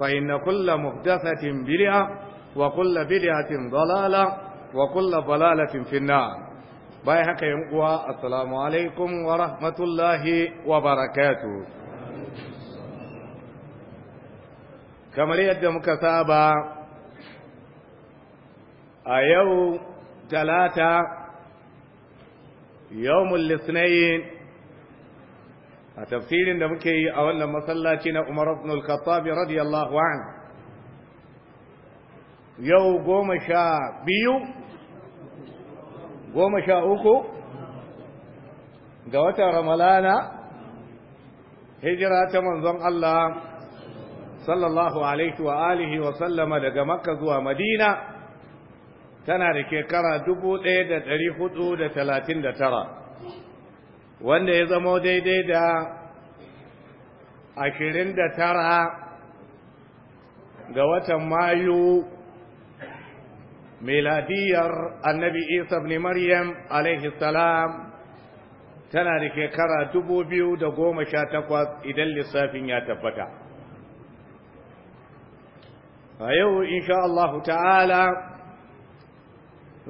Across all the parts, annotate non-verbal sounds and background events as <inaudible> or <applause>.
فإن كل محدثة بدعة وكل بدعة ضلالة وكل ضلالة في النار باي هكا ينقوا السلام عليكم ورحمة الله وبركاته kamar yadda muka saba a yau talata yawmul lisnayin a tafsirin da muke yi a wannan masallaci na Umar ibn al-Khattab radiyallahu an yau goma sha biyu goma sha uku ga watan Ramalana hijira ta manzon Allah sallallahu alaihi wa alihi wa sallama daga Makka zuwa Madina tana da shekara dubu ɗaya da ɗari hudu da talatin da tara wanda ya zamo daidai da ashirin da tara ga watan mayu miladiyar annabi isa ibn maryam alaihi salam tana da shekara dubu biyu da goma sha takwas idan lissafin ya tabbata a yau insha Allah ta'ala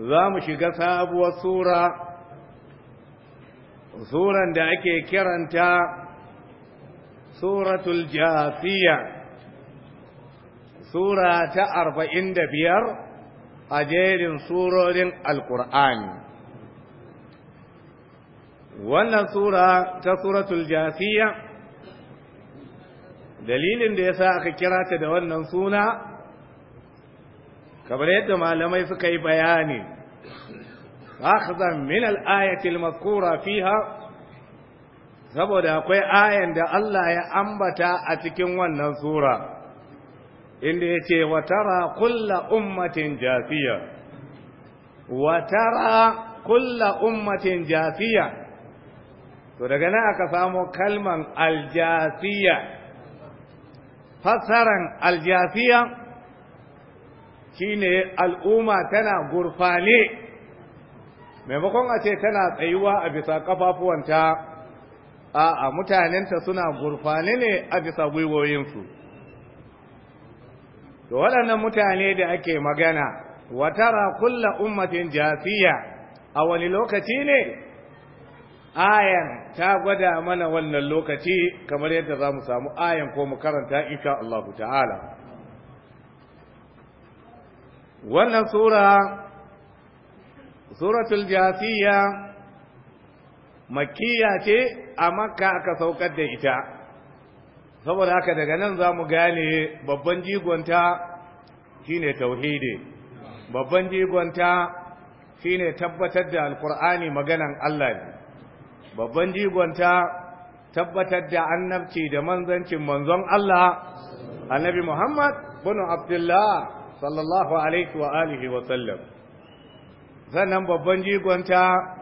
za mu shiga sabuwar sura suran da ake kiranta suratul jafiya sura ta arba'in da biyar a jerin surorin alkur'ani wannan sura ta suratul jafiya dalilin da ya sa aka kira ta da wannan suna kamar yadda malamai suka yi bayani أخذا من الآية المذكورة fiha saboda akwai ayan da Allah ya ambata a cikin wannan sura inda ya ce tara kulla ummatin jafiya tara kulla ummatin jafiya to daga nan aka samo kalman aljafiya fassaran aljafiya shine al'umma tana gurfane maimakon a ce tana tsayuwa a bisa kafafuwanta a'a mutanenta suna gurfane ne a bisa gwiwoyinsu to waɗannan mutane da ake magana watara kulla ummatin jasiya a wani lokaci ne ayan ta gwada mana wannan lokaci kamar yadda za mu samu ayan ko mu karanta insha Allah ta'ala wannan sura suratul jasiya makiya ce a makka aka saukar da ita saboda haka daga nan za mu gane babban jigonta shine tauhidi babban jigonta shine tabbatar da alkur'ani maganan Allah ne babban jigonta tabbatar da annabci da manzancin manzon Allah annabi Muhammad bin Abdullah sallallahu alaihi wa alihi wa sallam sannan babban jigonta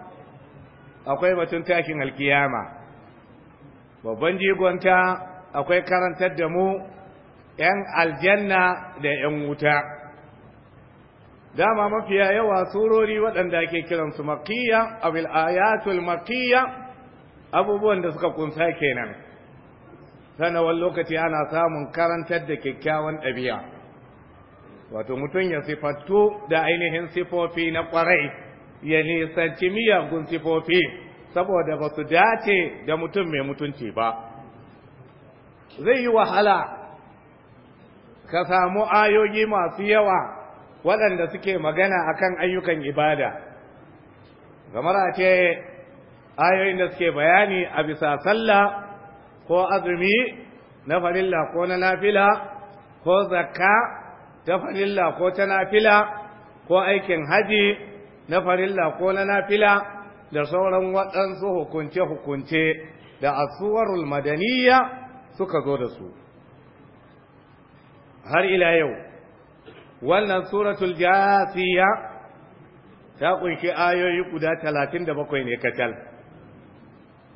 akwai batun takin alkiyama babban jigonta akwai karantar da mu ‘yan aljanna da ‘yan wuta dama mafiya yawa surori waɗanda ake kiransu makiya abil ayatul makiya abubuwan da suka kunsa kenan sanawar lokaci ana samun karantar da kyakkyawan ɗabi'a wato mutum ya sifattu da ainihin sifofi na ƙwarai ya nisanci miyagun sifofi saboda ba su dace da mutum mai mutunci ba zai yi wahala ka samu ayoyi masu yawa waɗanda suke magana akan ayyukan ibada kamar a ce ayoyin da suke bayani a bisa sallah ko azumi na farilla ko na nafila ko zakka ta farilla ko ta nafila ko aikin haji na farilla ko na nafila da sauran waɗansu hukunce-hukunce da asuwarul madaniya suka zo da su har ila yau wannan suratul jasiya ta ƙunshi ayoyi guda talatin da bakwai ne kacal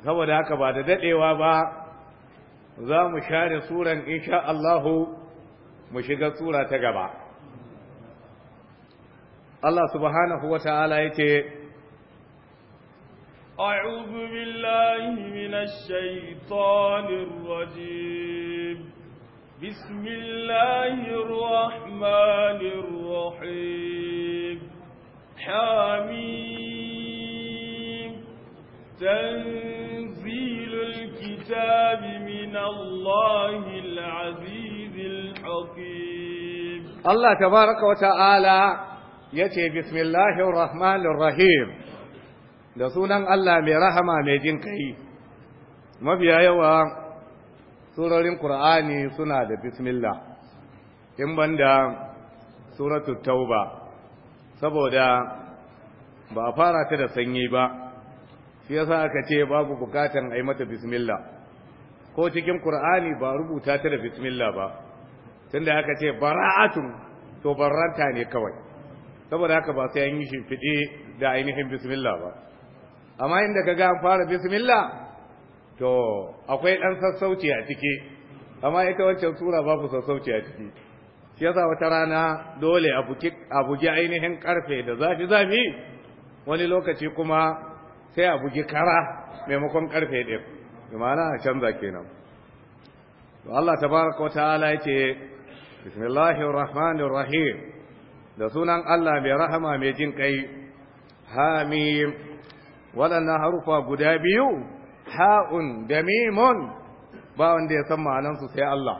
saboda haka ba da daɗewa ba za mu share suran insha Allahu mu shiga sura ta gaba الله سبحانه وتعالى أعوذ بالله من الشيطان الرجيم بسم الله الرحمن الرحيم حميم تنزيل الكتاب من الله العزيز الحكيم الله تبارك وتعالى yace ce bismillahir rahmanir rahim da sunan Allah mai rahama mai jin kai Mabiya yawa surorin qur'ani suna da bismillah in banda suratul tauba saboda ba a fara ta da sanyi ba shi yasa aka ce babu bukatan a mata bismillah ko cikin qur'ani ba rubuta ta da bismillah ba tunda aka ce bara'atun to barranta ne kawai saboda haka ba sai an yi shimfiɗe da ainihin bismillah ba amma inda ka ga an fara bismillah to akwai ɗan sassauci a ciki amma ita wancan sura babu sassauci a ciki shi yasa wata rana dole a bugi ainihin karfe da zafi zafi wani lokaci kuma sai a bugi kara maimakon karfe ɗin imana a canza kenan to Allah tabaraka wa ta'ala yace bismillahir rahmanir da sunan Allah mai rahama mai jin kai hamim waɗannan harufa guda biyu ha'un da mimun ba wanda ya san ma'anansu sai Allah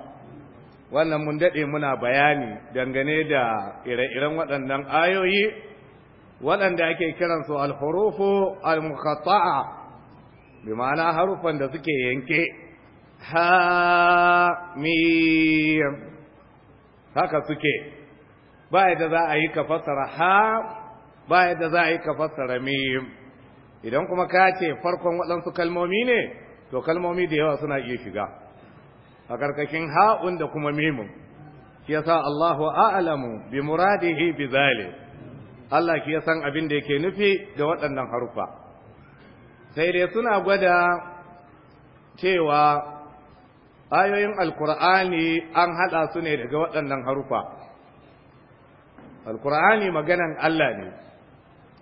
wannan mun daɗe muna bayani dangane da ire-iren waɗannan ayoyi waɗanda ake kiransu al-hurufu al-muqatta'a bi ma'ana harufan da suke yanke Ha ha-mim, haka suke ba yadda za a yi ka fassara ha ba yadda za a yi ka fassara mim idan kuma ka ce farkon waɗansu kalmomi ne to kalmomi da yawa suna iya shiga a karkashin ha'un da kuma mimin shi yasa Allahu a'lamu bi muradihi bi zalim Allah ki ya san abin da yake nufi da waɗannan harufa sai dai suna gwada cewa ayoyin alkur'ani an haɗa su ne daga waɗannan harufa alkur'ani maganan Allah ne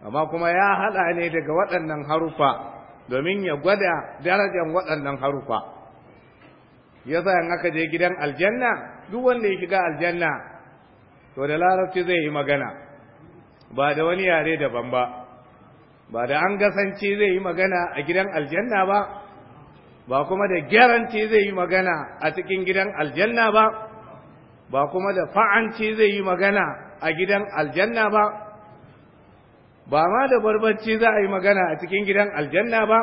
amma kuma ya haɗa ne daga waɗannan harufa domin ya gwada darajar waɗannan harufa yasa in aka je gidan aljanna duk wanda ya shiga aljanna to da larabci zai yi magana ba da wani yare daban ba ba da an gasance zai yi magana a gidan aljanna ba ba kuma da gyaranci zai yi magana a cikin gidan aljanna ba ba kuma da fa'anci zai yi magana a gidan aljanna ba ba ma da barbarci za a yi magana a cikin gidan aljanna ba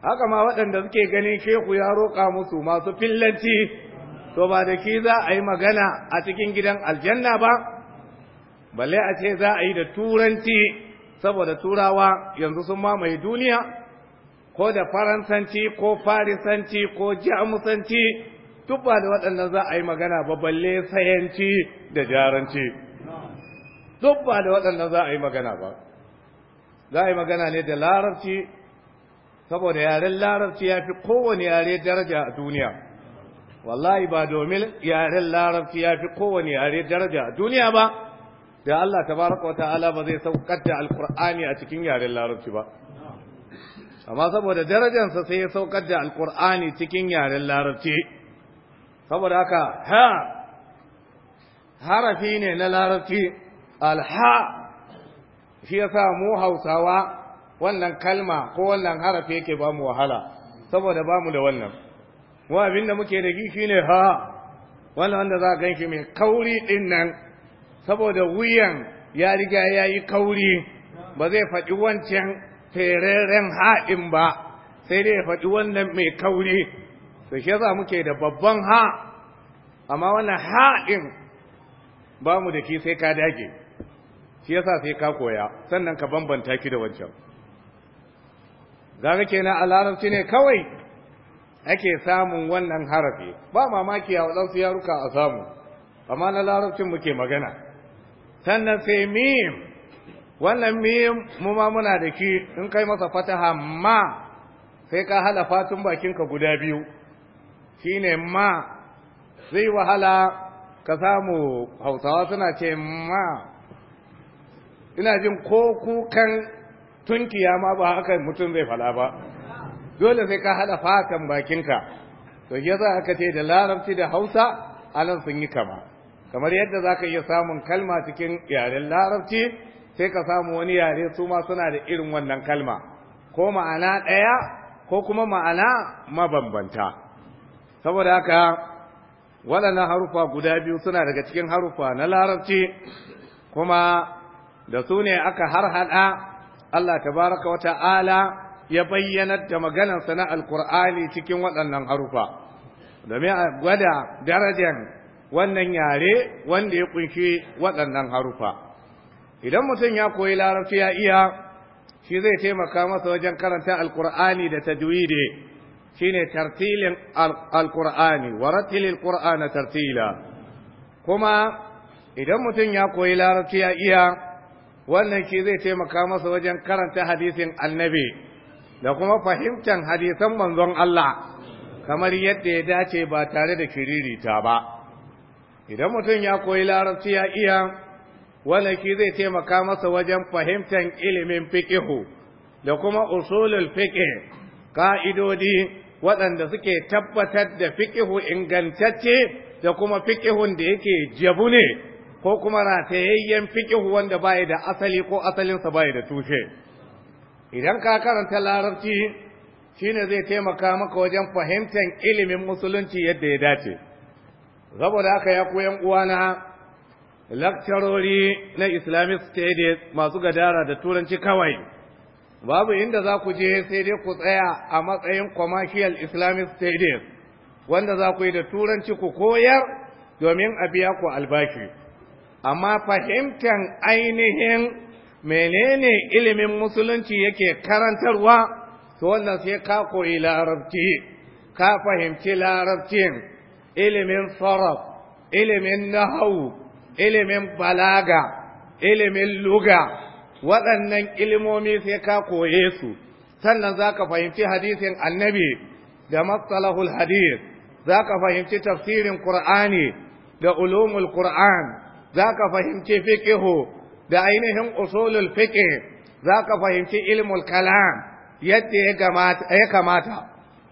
haka ma waɗanda suke ganin shehu ya roƙa musu masu fillanci to ba da ki za a yi magana a cikin gidan aljanna ba balle a ce za a yi da turanci saboda turawa yanzu sun mamaye duniya ko da faransanci ko farisanci ko jamusanci duk da waɗannan za a yi magana ba balle sayanci da jaranci Tubba da waɗannan za a yi magana ba za a yi magana ne da larabci saboda yaren larabci ya fi kowane yare daraja a duniya wallahi ba domin yaren larabci ya fi kowane yare daraja a duniya ba da Allah tabaraka wa ta'ala ba zai saukar da alkur'ani a cikin yaren larabci ba amma saboda darajansa sai ya saukar da alkur'ani cikin yaren larabci saboda haka ha harafi ne na larabci alha shi ya sa mu hausawa wannan kalma ko wannan harafi yake ba mu wahala saboda ba mu da wannan mu abin da muke da shi ne ha wannan wanda za gan shi mai kauri din nan saboda wuyan ya riga ya yi kauri ba zai faɗi wancan tereren ha'in ba sai dai ya faɗi wannan mai kauri to shi yasa muke da babban ha amma wannan ha din ba mu da shi sai ka dage shi yasa sai ka koya sannan ka bambanta ki da wancan gaga kenan a larabci ne kawai ake samun wannan harafi ba mamaki a wadansu yaruka a samu amma na larabcin muke magana sannan sai mim wannan mim mu ma muna da ki in kai masa fataha ma sai ka halafa fatun bakinka guda biyu shine ma zai wahala ka samu hausawa suna ce ma ina jin ko kukan tunkiya ma ba haka mutum zai fala ba dole sai ka haɗa fatan bakinka to shi za aka ce da larabci da hausa anan sun yi kama kamar yadda za ka iya samun kalma cikin yaren larabci sai ka samu wani yare su ma suna da irin wannan kalma ko ma'ana ɗaya ko kuma ma'ana mabambanta saboda haka waɗannan harufa guda biyu suna daga cikin harufa na larabci kuma da su ne aka harhaɗa Allah tabaraka wa ta'ala ya bayyanar da maganarsa na alkur'ani cikin waɗannan harufa domin a gwada darajar wannan yare wanda ya ƙunshi waɗannan harufa idan mutum ya koyi larabci ya iya shi zai taimaka masa wajen karanta alkur'ani da tajwidi shine tartilin alqur'ani wa ratilil qur'ana tartila kuma idan mutum ya koyi larabci ya iya wannan shi zai taimaka masa wajen karanta hadisin annabi da kuma fahimtar hadisan manzon Allah kamar yadda ya dace ba tare da kiririta ba idan mutum ya koyi larabci ya iya wannan shi zai taimaka masa wajen fahimtar ilimin fiqihu da kuma usulul fiqh ka'idodi waɗanda suke tabbatar da fiƙihu ingantacce da kuma fiƙihun da yake jabu ne ko kuma ratayayyen fiƙihu wanda ba'a da asali ko asalinsa ba'a da tushe idan ka karanta larabci shine zai taimaka maka wajen fahimtar ilimin musulunci yadda ya dace saboda aka ya koyan uwana lakcarori na islamic studies masu gadara da turanci kawai babu inda za ku je sai dai ku tsaya a matsayin commercial islamic stadium wanda za ku yi da turanci ku koyar domin a biya ku albashi amma fahimtar ainihin menene ilimin musulunci yake karantarwa to wannan sai ka koyi larabci ka fahimci larabcin ilimin sarraf ilimin nahau ilimin balaga ilimin luga waɗannan ilimomi sai ka koye su sannan za ka fahimci hadisin annabi da matsalahul hadis za ka fahimci tafsirin ƙur'ani da ulumul ƙur'an za ka fahimci fiƙihu da ainihin usulul fiƙi za ka fahimci ilmul kalam yadda ya kamata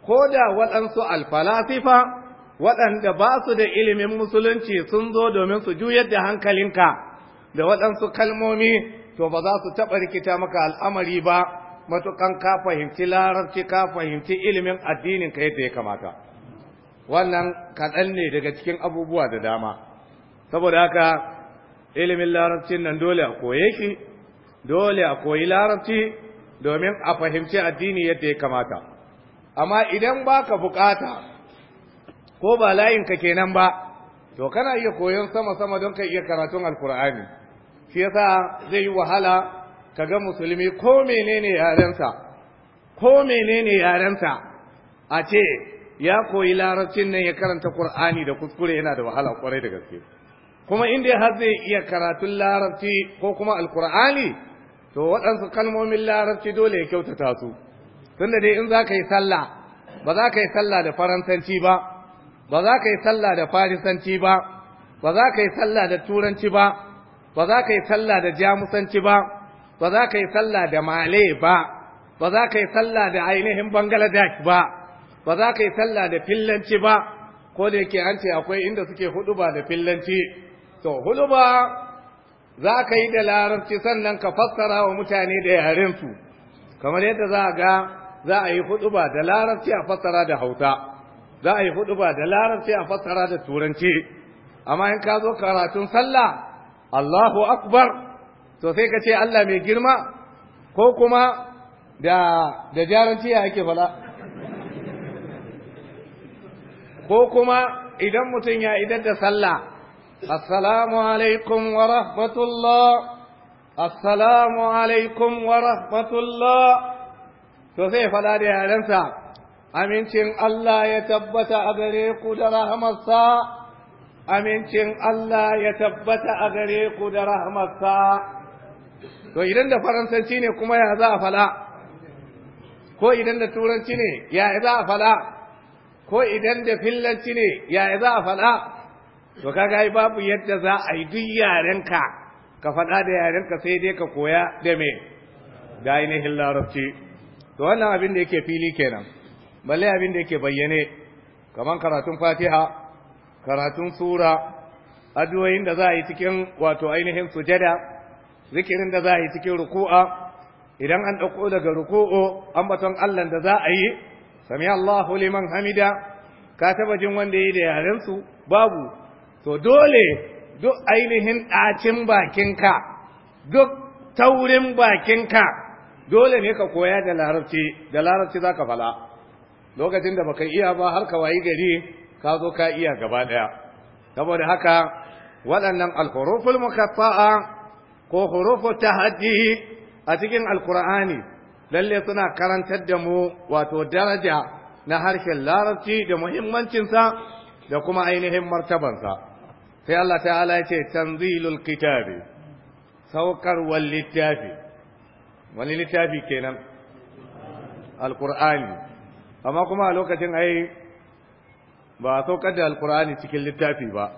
ko da waɗansu alfalasifa waɗanda ba su da ilimin musulunci sun zo domin su juyar da hankalinka da waɗansu kalmomi to ba za su taɓa rikita maka al'amari ba matukan ka fahimci larabci ka fahimci ilimin addinin ka yadda ya kamata wannan kaɗan ne daga cikin abubuwa da dama saboda haka ilimin larabcin nan dole a koye shi dole a koyi larabci domin a fahimci addini yadda ya kamata amma idan baka bukata ko ba layinka kenan ba to kana iya koyon sama-sama don ka iya karatun alkur'ani shi yasa zai yi wahala ka ga musulmi ko menene yarensa ko menene yarensa a ce ya koyi larabcin nan ya karanta Qur'ani da kuskure yana da wahala kwarai da gaske kuma inda har zai iya karatun larabci ko kuma alkur'ani to waɗansu kalmomin larabci dole ya kyautata su tunda dai in za ka yi sallah ba za ka yi sallah da faransanci ba ba za ka yi sallah da farisanci ba ba za ka yi sallah da turanci ba ba za ka yi sallah da jamusanci ba ba za ka yi sallah da male ba ba za ka yi sallah da ainihin bangaladesh ba ba za ka yi sallah da fillanci ba ko da yake an ce akwai inda suke ba da fillanci to ba, za ka yi da larabci sannan ka fassara wa mutane da yarensu kamar yadda za a ga za a yi ba da larabci a fassara da hauta za a yi ba da larabci a fassara da turanci amma in ka zo karatun sallah Allahu akbar to sai ka ce Allah mai girma ko kuma da da jaranci ya yake fala ko kuma idan mutum ya idan da sallah assalamu alaikum wa rahmatullah assalamu alaikum wa rahmatullah to sai da yarensa amincin Allah ya tabbata a gare ku da rahamarsa amincin Allah ya tabbata a gare ku da rahmarsa to idan da faransanci ne kuma ya za a fala ko idan da turanci ne ya za a fala ko idan da fillanci ne ya za a fala to kaga yi babu yadda za a yi duk yarenka ka faɗa da yarenka sai dai ka koya da me da ainihin larabci to wannan abin da yake fili kenan balle abin da yake bayyane kamar karatun fatiha karatun sura addu'o'in da za a yi cikin wato ainihin sujada zikirin da za a yi cikin ruku'a idan an ɗauko daga ruku'o ambaton Allah da za a yi sami Allahu liman hamida ka taba jin wanda yi da yaren su babu to dole duk ainihin ɗacin bakinka duk taurin bakinka dole ne ka koya da larabci da larabci za ka fala lokacin da baka iya ba har ka wayi gari ka zo ka iya gaba ɗaya saboda haka waɗannan alhuruful mukatta'a ko ta tahaddi a cikin alkur'ani lalle suna karantar da mu wato daraja na harshen larabci da muhimmancinsa da kuma ainihin martabansa sai Allah ta'ala ya ce tanzilul kitabi saukarwar littafi wani littafi kenan alkur'ani amma kuma a lokacin ai ba a saukar da alkur'ani cikin littafi ba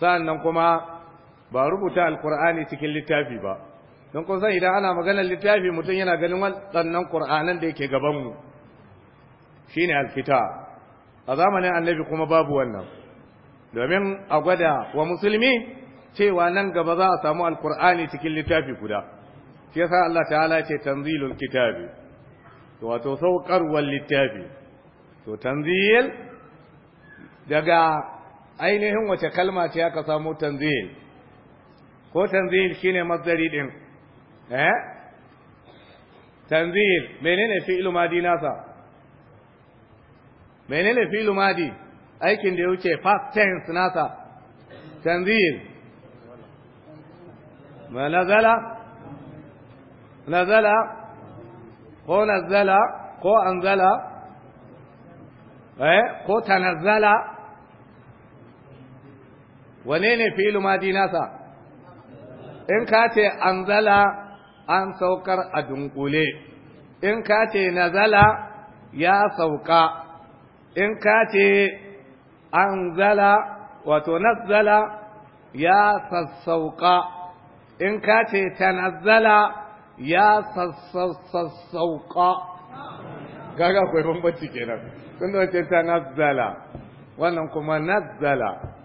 sa'annan kuma ba rubuta alkur'ani cikin littafi ba don kun san idan ana maganar littafi mutum yana ganin waɗannan ƙur'anan da yake gabanmu shine alkita a zamanin annabi kuma babu wannan domin a gwada wa musulmi cewa nan gaba za a samu alkur'ani cikin littafi guda shi yasa Allah ta'ala ce tanzilul kitabi wato saukarwar littafi to tanzil daga ainihin wace kalma ce aka samu tanzil ko tanzil shine mazari din eh tanzil menene fi'il madi nasa menene fi'il madi aikin da ya wuce past tense nasa tanzil ma nazala nazala ko nazala ko anzala eh ko tanazala wane ne fi'il madi nasa in ka ce anzala an saukar a dunkule in ka ce nazala ya sauka in ka ce anzala wato nazzala ya sassauka in ka ce tanazzala ya sassauka gaga kwaifin bacci kenan tun da wace tanazzala wannan kuma nazzala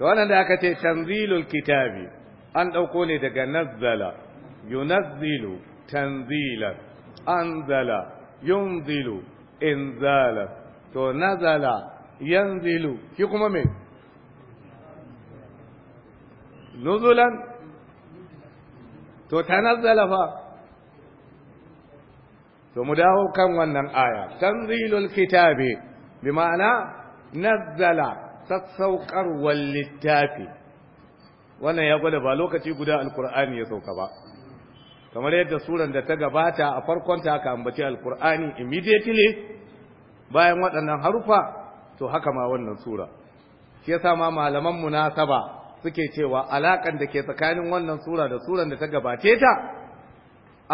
to wannan da aka ce tanzilul kitabi an dauko ne daga nazzala yunazzilu tanzilan anzala yunzilu inzala to nazala yanzilu Ki kuma me nuzulan to tanazzala fa to mu dawo kan wannan aya tanzilul kitabi bi ma'ana nazzala sassauƙarwar littafi wannan ya gwada ba lokaci guda alkur'ani ya sauka ba kamar yadda suran da ta gabata a farkonta aka ambaci alkur'ani immediately bayan waɗannan harufa to haka ma wannan sura shi yasa ma malaman munasaba suke cewa alakan da ke tsakanin wannan sura da suran da ta gabace ta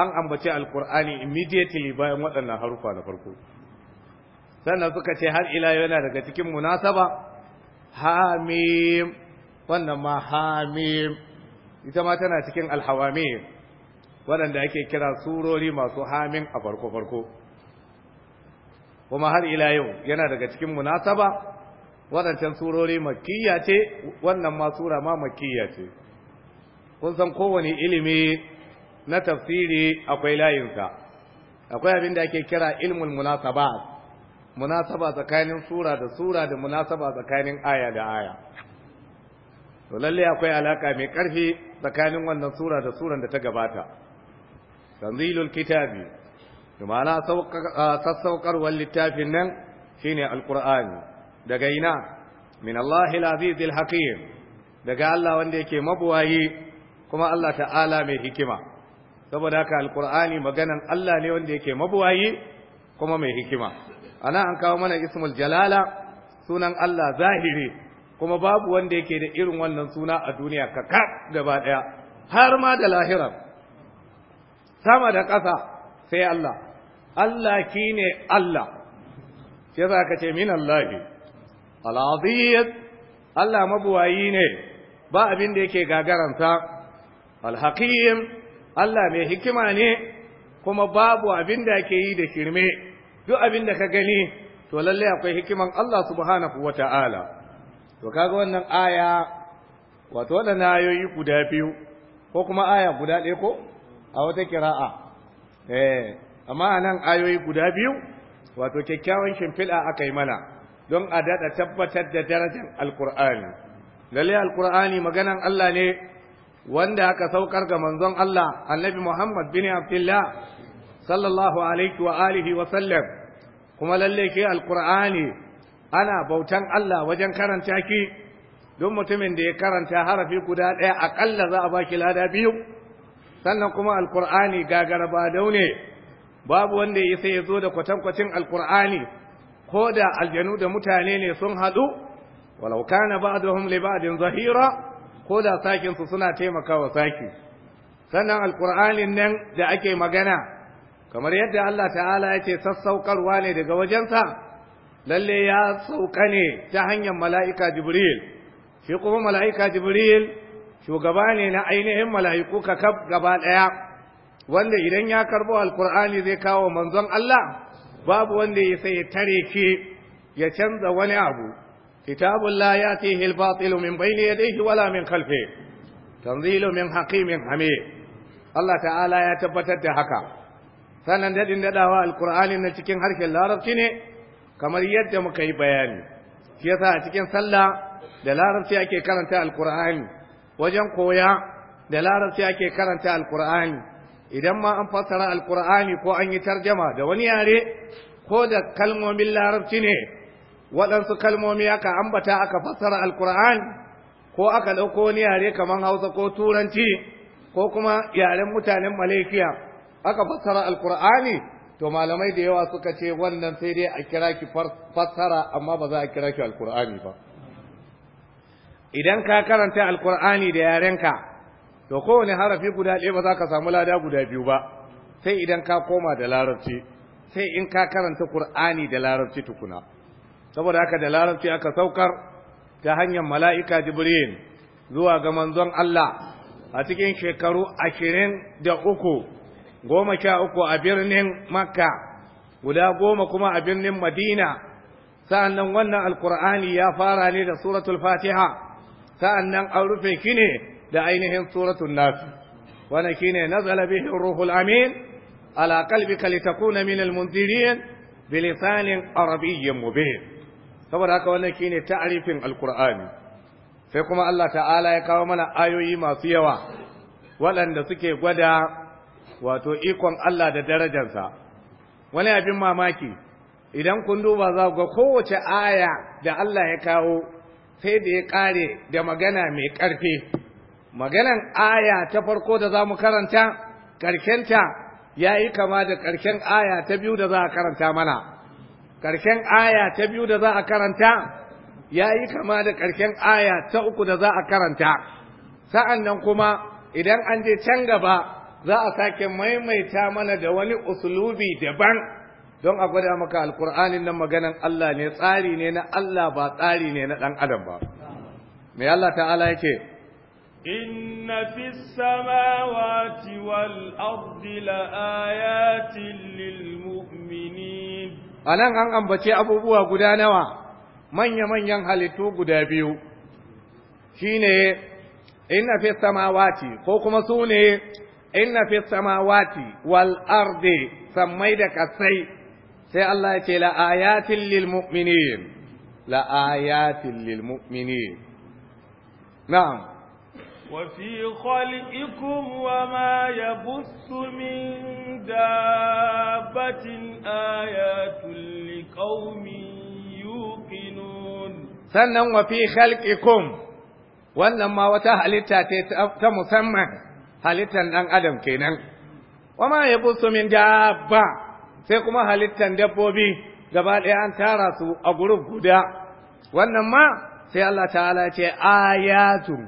an ambaci alkur'ani immediately bayan waɗannan harufa na farko sannan suka ce har ila yana daga cikin munasaba hamim wannan ma hamim ita ma tana cikin alhawamim waɗanda ake kira surori masu hamin a farko-farko kuma har ila yau yana daga cikin munasaba waɗancan surori makiyya ce wannan ma sura ma makiyya ce kun san kowane ilimi na tafsiri akwai layinsa akwai abin da ake kira ilmul munasabat munasaba tsakanin sura da sura da munasaba tsakanin aya da aya to lalle akwai alaka mai karfi tsakanin wannan sura da suran da ta gabata tanzilul kitabi ma'ana sassaukarwar littafin nan shine alqur'ani daga ina min Allahil azizil hakim daga Allah wanda yake mabuwayi kuma Allah ta'ala mai hikima saboda haka alqur'ani maganan Allah ne wanda yake mabuwayi kuma mai hikima ana an kawo mana ismul jalala sunan Allah zahiri kuma babu wanda yake da irin wannan suna a duniya kaka gaba daya har ma da lahira sama da ƙasa sai Allah Allah kine Allah shi za ka ce min Allah al aziz Allah mabuwayi ne ba abin da yake gagaranta al-hakim Allah mai hikima ne kuma babu abin da yake yi da shirme. duk abin da ka gani to lallai akwai hikiman Allah subhanahu Ta'ala, to kaga wannan aya wato wadannan ayoyi guda biyu ko kuma aya guda ɗaya ko a wata kira'a eh amma anan ayoyi guda biyu wato kyakkyawan shimfiɗa aka yi mana don a daɗa tabbatar da darajar alkur'ani lalle alkur'ani maganan Allah ne wanda aka saukar ga manzon Allah annabi Muhammad bin Abdullah sallallahu alaihi wa alihi wa sallam kuma lalle ke alqur'ani ana bautan Allah wajen karanta ki don mutumin da ya karanta harafi guda ɗaya aƙalla za a baki lada biyu sannan kuma alqur'ani gagara ba daune babu wanda ya sai ya zo da kwatankwacin alqur'ani ko da aljanu da mutane ne sun haɗu walau kana ba'dhum li ba'din zahira ko da sakin su suna taimakawa saki sannan alqur'anin nan da ake magana kamar yadda Allah ta'ala Ya ce sassaukarwa ne daga wajensa lalle ya sauka ne ta hanyar mala'ika jibril shi kuma mala'ika jibril shugaba ne na ainihin mala'iku kakab gaba ɗaya wanda idan ya karbo alkur'ani zai kawo manzon Allah babu wanda ya sai tare ki ya canza wani abu kitabun la yatihi al ya min bayni yadayhi wala min khalfihi tanzilu min hakimin hamid Allah ta'ala ya tabbatar da haka sannan daɗin daɗawa alkur'ani na cikin harshen larabci ne kamar yadda muka yi bayani shi yasa a cikin sallah da larabci ake karanta alkur'ani wajen koya da larabci ake karanta alkur'ani idan ma an fassara alkur'ani ko an yi tarjama da wani yare ko da kalmomin larabci ne waɗansu kalmomi aka ambata aka fassara alkur'ani ko aka ɗauko wani yare kamar hausa ko turanci ko kuma yaren mutanen malaysia aka fassara alkur'ani to malamai da yawa suka ce wannan sai dai a kira ki fassara amma ba za a kira ki alkur'ani ba idan ka karanta alkur'ani da yarenka to kowane harafi guda ɗaya ba za ka samu lada guda biyu ba sai idan ka koma da larabci sai in ka karanta qur'ani da larabci tukuna saboda haka da larabci aka saukar ta hanyar mala'ika jibril zuwa ga manzon Allah a cikin shekaru ashirin da uku goma sha uku a birnin makka guda goma kuma a birnin madina sa'annan wannan alkur'ani ya fara ne da suratul fatiha sa'annan an rufe shi ne da ainihin suratul nafi wannan shine nazala bihi ruhul amin ala qalbika litakuna min almunzirin bilisanin arabiyyin mubin saboda haka wannan shine ta'rifin alkur'ani sai kuma Allah ta'ala ya kawo mana ayoyi masu yawa waɗanda suke gwada wato ikon Allah da darajarsa wani abin mamaki idan kun duba za ga kowace aya da Allah ya kawo sai da ya kare da magana mai ƙarfi maganan aya ta farko da za mu karanta ƙarshenta ya yi kama da ƙarshen aya ta biyu da za a karanta mana ƙarshen aya ta biyu da za a karanta ya yi kama da ƙarshen aya ta uku da za a karanta sa'an nan kuma idan an je can gaba za a sake maimaita mana da wani usulubi daban don a gwada maka alkur'ani nan maganan Allah ne tsari ne na Allah ba tsari ne na ɗan adam ba. Me Allah ta'ala yake, Inna fi samawati wal ardi la'ayatin lil mu'minin. A nan an ambace abubuwa guda nawa, manya-manyan halittu guda biyu, shi ne, Inna fi samawati ko kuma su ne, inna fi samawati wal ardi sammai da kasai sai Allah ya ce la ayatin lil mu'minin la ayatin lil mu'minin na'am وفي خلقكم وما يبث من دابة آيات لقوم يوقنون سنن وفي خلقكم wannan ma wata halitta ce ta musamman halittan ɗan adam kenan wama ya busu min dabba sai kuma halittan dabbobi gaba ɗaya an tara su a guruf guda wannan ma sai Allah ta'ala ce ayatun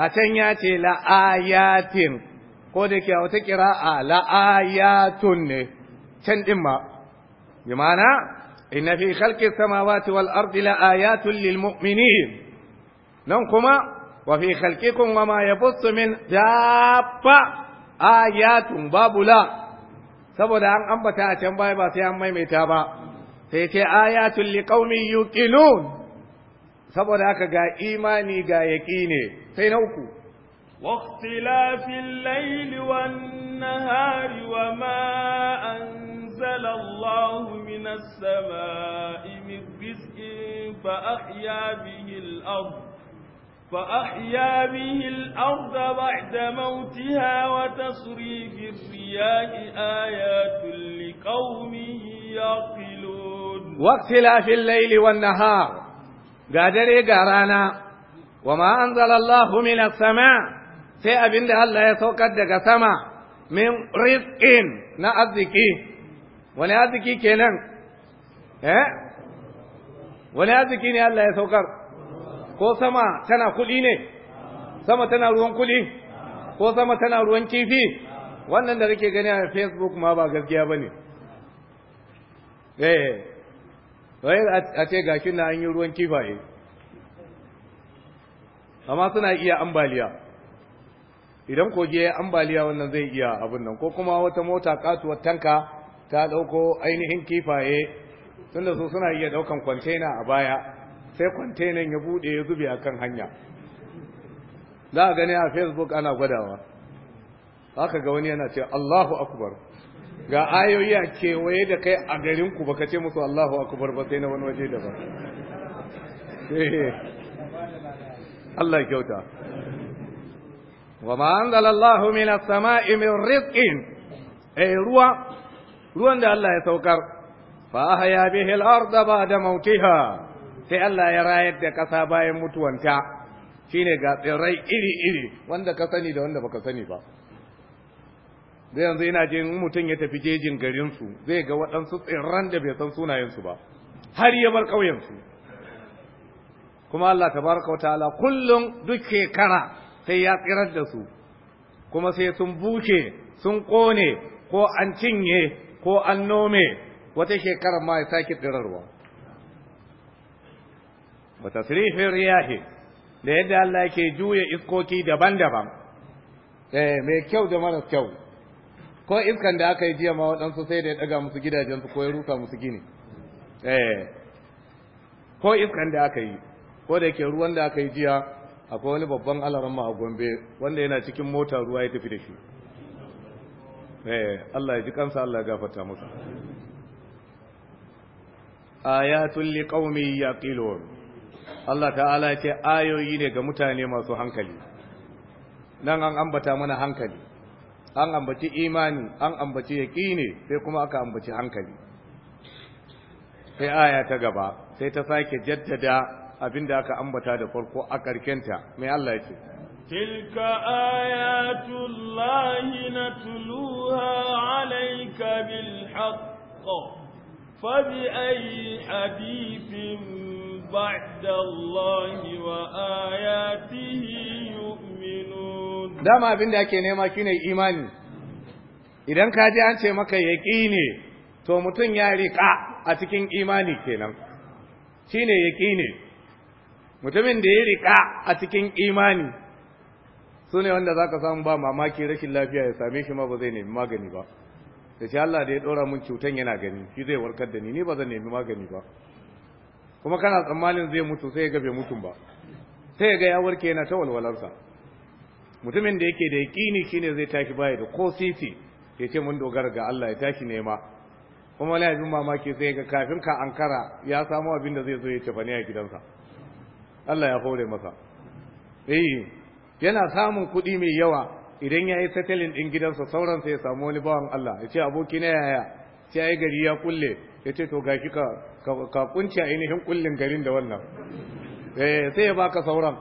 a can ya ce la'ayatin ko da ke wata a la'ayatun ne can ɗin ma bi mana inna fi khalqis samawati wal ardi la'ayatun lil mu'minin nan kuma wa fi khalqikum wa ma yabutsu min dafa ayatun babula saboda an ambata a can baya ba sai an maimaita ba sai ce ayatul liqaumin yuqinun saboda haka ga imani ga yaqine sai na uku واختلاف الليل والنهار وما أنزل الله من السماء من رزق فأحيا به الأرض فأحيا به الأرض بعد موتها وتصريف الرياح آيات لقوم يعقلون واختلاف الليل والنهار قادر قرانا وما أنزل الله من السماء سيأبن الله يتوقدك سما من رزق نأذكي ونأذكي كنن ونأذكي الله يتوقدك ko sama tana kuɗi ne sama tana ruwan kuɗi ko sama tana ruwan kifi wannan da kake gani a facebook ma ba gaskiya ba ne eh wai a ce gashin na an yi ruwan kifaye amma suna iya ambaliya idan kogi ya ambaliya wannan zai iya abin nan ko kuma wata mota katuwar tanka ta dauko ainihin kifaye tunda su suna iya daukan kwantena a baya sai kwantenan ya bude ya zube akan hanya za a gani a facebook ana gwadawa haka ga wani yana ce Allahu akbar ga ayoyi a kewaye da kai a garinku baka ce musu Allahu akbar ba sai na wani waje da ba eh. Allah kyauta wa ma anzala Allahu minas sama'i min rizqin eh ruwa ruwan da Allah ya saukar fa ahya bihi al-ardha ba'da mautiha sai Allah ya rayar da ƙasa bayan mutuwanta shine ga tsirrai iri-iri wanda ka sani da wanda baka sani ba zai yanzu yana jin mutum ya tafi jejin garinsu zai ga waɗansu tsirran da bai san sunayensu ba har ya bar ƙauyensu kuma Allah ta tabaraka wa ta'ala kullum duk shekara sai ya tsirar da su kuma sai sun buke sun kone, ko an cinye ko an nome wata shekarar ma ya sake tsirarwa wa tasrifin riyahi da yadda Allah yake juya iskoki daban-daban eh mai kyau da mara kyau ko iskan da aka yi jiya ma waɗansu sai da ya ɗaga musu gidajensu ko ya rusa musu gini eh ko iskan da aka yi ko da yake ruwan da aka yi jiya akwai wani babban alarama a gombe wanda yana cikin mota ruwa ya tafi da shi eh Allah ya ji kansa Allah ya gafarta masa ayatul liqaumi yaqilun Allah ta'ala ya ce ayoyi ne ga mutane masu hankali nan an ambata mana hankali an ambaci imani an ambaci yaqini sai kuma aka ambaci hankali sai aya ta gaba sai ta sake jaddada abinda aka ambata da farko a karkenta mai Allah ya ce na آيات الله نتلوها عليك بالحق فبأي حديث بعد الله وآياته يؤمنون دام abin da ake nema إيمان imani idan ka ji an ce maka yaqini to mutum ya rika a cikin imani kenan mutumin da ya rika a cikin imani su ne wanda za ka samu ba mamaki rashin lafiya ya same shi ma ba zai nemi magani ba da shi Allah da ya ɗora mun cutan yana gani shi zai warkar da ni ni ba zan nemi magani ba kuma kana tsammanin zai mutu sai ga bai mutum ba sai ga ya warke yana ta walwalarsa mutumin da yake da yaqini shine zai tafi baya da ko sisi ya ce mun dogara ga Allah ya tashi nema kuma laifin mamaki sai ga kafin ka ankara ya samu abin da zai zo ya ne a gidansa Allah ya hore masa eh yana samun kuɗi mai yawa idan ya yi tattalin ɗin gidansa sai ya samu wani bawan Allah ya ce aboki na yaya sai ya gari ya kulle ya ce to gashi ka ka kunci ainihin kullin garin da wannan eh sai ya baka sauran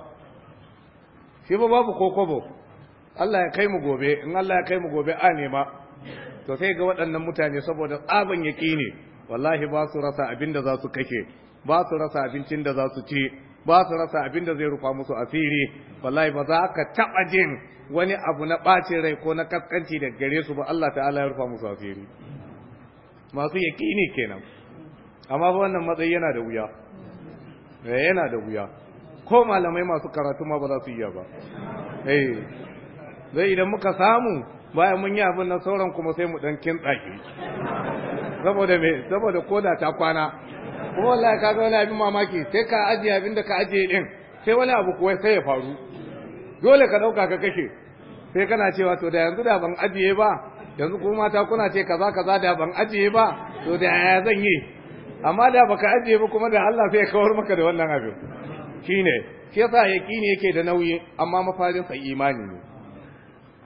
shi ba babu kokobo Allah ya kai mu gobe in Allah ya kai mu gobe a nema to sai ga waɗannan mutane saboda tsaban ne, wallahi ba su rasa abin da za su kake ba su rasa abincin da za su ci ba su rasa abin da zai rufa musu asiri wallahi ba za ka taɓa jin wani abu na ɓacin rai ko na kaskanci da gare su ba Allah ta'ala ya rufa musu asiri masu yaƙini kenan amma ba wannan matsayi yana da wuya eh yana da wuya ko malamai masu karatu ma ba za su iya ba eh zai idan muka samu bayan mun yi abin nan sauran kuma sai mu dan kin tsaki saboda me saboda koda ta kwana ko wallahi kaga wani abin mamaki sai ka ajiye abin da ka ajiye din sai wani abu kuwa sai ya faru dole ka dauka ka kashe sai kana cewa to da yanzu da ban ajiye ba yanzu kuma mata kuna ce kaza kaza da ban ajiye ba to da yaya zan yi amma da baka ajiye ba kuma da Allah sai ya kawar maka da wannan abin shine shi yasa yaqini yake da nauyi amma mafarin sa imani ne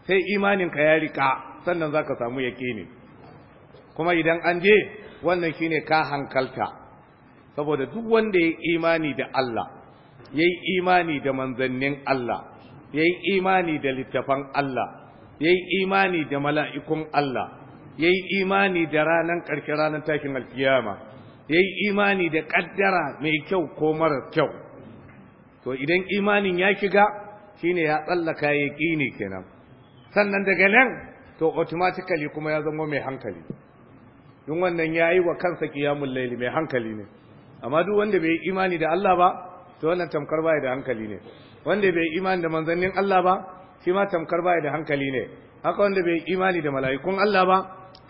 sai imanin ka ya rika sannan zaka samu yaqini kuma idan an je wannan shine ka hankalta saboda duk wanda yayi imani da Allah yayi imani da manzannin Allah yayi imani da littafan Allah yayi imani da mala'ikun Allah yayi imani da ranan karshe ranan takin alkiyama ya yi imani da ƙaddara mai kyau ko marar kyau to idan imanin ya shiga shine ya tsallaka ya ƙini kenan sannan daga nan to automatically kuma ya zama mai hankali in wannan ya yi wa kansa kiyamun laili mai hankali ne amma duk wanda bai yi imani da Allah ba to wannan tamkar baya da hankali ne wanda bai yi imani da manzannin Allah ba shi ma tamkar baya da hankali ne haka wanda bai yi imani da mala'ikun Allah ba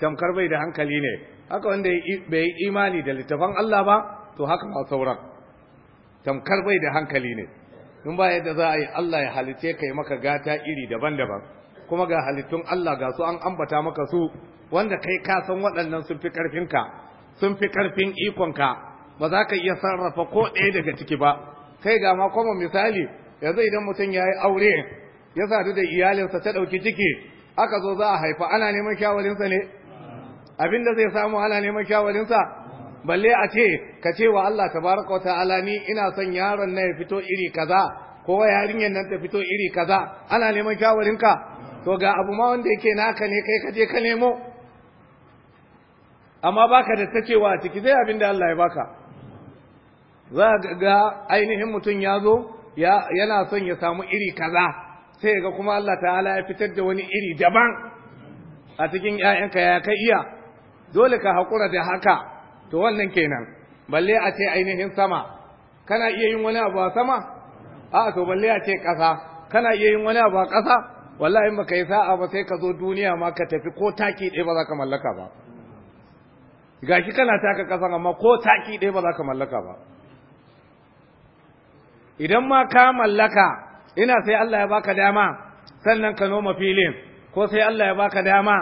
tamkar bai da hankali ne haka wanda bai yi imani da littafan Allah ba to haka ma sauran tamkar bai da hankali ne in ba yadda za a yi Allah ya halitte kai maka gata iri daban-daban kuma ga halittun Allah ga su an ambata maka su wanda kai ka san waɗannan sun fi ka, sun fi ƙarfin ikonka ba za ka iya sarrafa ko ɗaya daga ciki ba kai ga ma kuma misali yanzu idan mutum ya yi aure ya sadu da iyalinsa ta ɗauki ciki aka zo za a haifa ana neman shawarinsa ne abin da zai samu ana neman shawarinsa balle a ce ka ce wa Allah tabaraka wa ta'ala ni ina son yaron na ya fito iri kaza ko yarinyar nan ta fito iri kaza ana neman shawarinka to ga abu ma wanda yake naka ne kai ka je ka nemo amma baka da ta cewa ciki zai abin da Allah ya baka za ga ainihin mutum ya zo yana son ya samu iri kaza sai ga kuma Allah ta'ala ya fitar da wani iri daban a cikin ‘ya'yanka ya kai iya dole ka haƙura da haka to wannan kenan balle a ce ainihin sama kana iya yin wani abu a sama a to balle a ce ƙasa kana iya yin wani abu a ƙasa wallahi ka yi sa'a ba sai ka zo duniya ma ka tafi ko taki ɗaya ba za ka mallaka ba gashi kana taka ƙasa amma ko taki ɗaya ba za ka mallaka ba idan ma ka mallaka ina sai Allah ya baka dama sannan ka noma filin ko sai Allah ya baka dama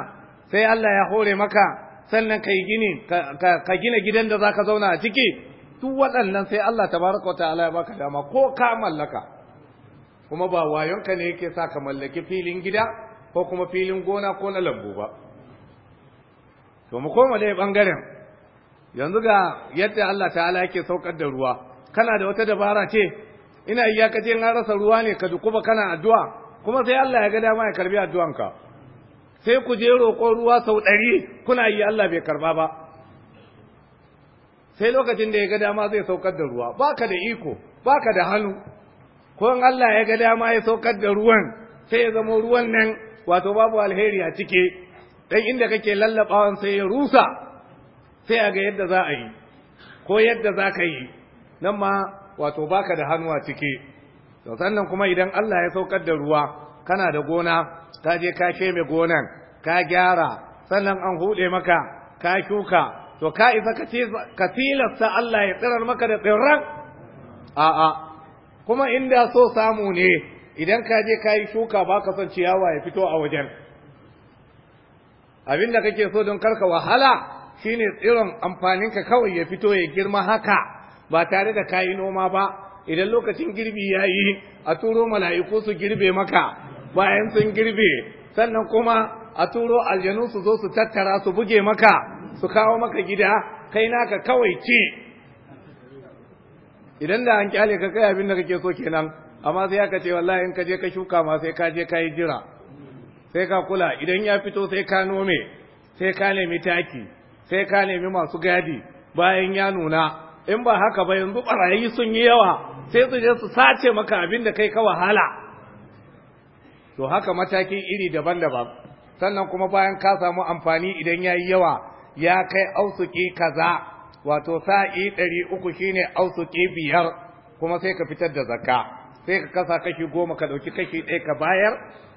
sai Allah ya hore maka sannan kai gini ka gina gidan da zaka zauna a ciki duk waɗannan sai Allah tabaraka ta'ala ya baka dama ko ka mallaka kuma ba wayonka ne yake sa ka mallaki filin gida ko kuma filin gona ko na lambu ba to mu koma dai bangaren yanzu ga yadda Allah ta'ala yake saukar da ruwa kana da wata dabara ce ina iyakace in rasa ruwa ne ka dukuba kana addu'a kuma sai Allah ya ga dama ya karbi addu'anka sai ku je roƙon ruwa sau ɗari kuna yi Allah bai karba ba sai lokacin da ya ga dama zai saukar da ruwa ba ka da iko ba ka da hannu ko in Allah ya ga dama ya saukar da ruwan sai ya zama ruwan nan wato babu alheri a cike dan inda kake lallabawan sai ya rusa sai a ga yadda za a yi ko yadda za ka yi nan ma wato ba ka da hannu a cike sannan kuma idan Allah ya saukar da ruwa kana da gona ka je ka mai gonan ka gyara sannan an hude maka ka shuka to ka isa ka tilasta Allah ya tsirar maka da tsirran a'a kuma inda so samu ne idan ka je ka yi shuka ba ka son ciyawa ya fito a wajen abin da kake so don karka wahala shine tsiron amfaninka kawai ya fito ya girma haka ba tare da ka yi noma ba idan lokacin girbi ya yi a turo mala'iku su girbe maka bayan sun girbe sannan kuma a turo aljanu su zo su tattara su buge maka su kawo maka gida kai naka kawai ce idan da an kyale ka kai abin da kake so kenan amma sai aka ce wallahi in ka je ka shuka ma sai ka je ka yi jira sai ka kula idan ya fito sai ka nome sai ka nemi taki sai ka nemi masu gadi bayan ya nuna in ba haka ba yanzu barayi sun yi yawa sai su je su sace maka abin da kai ka wahala to haka matakin iri daban-daban sannan kuma bayan ka samu amfani idan yayi yawa ya kai ausuki kaza wato sa'i ɗari uku shine ausuki biyar kuma sai ka fitar da zakka sai ka kasa kashi goma ka ɗauki kashi ɗaya ka bayar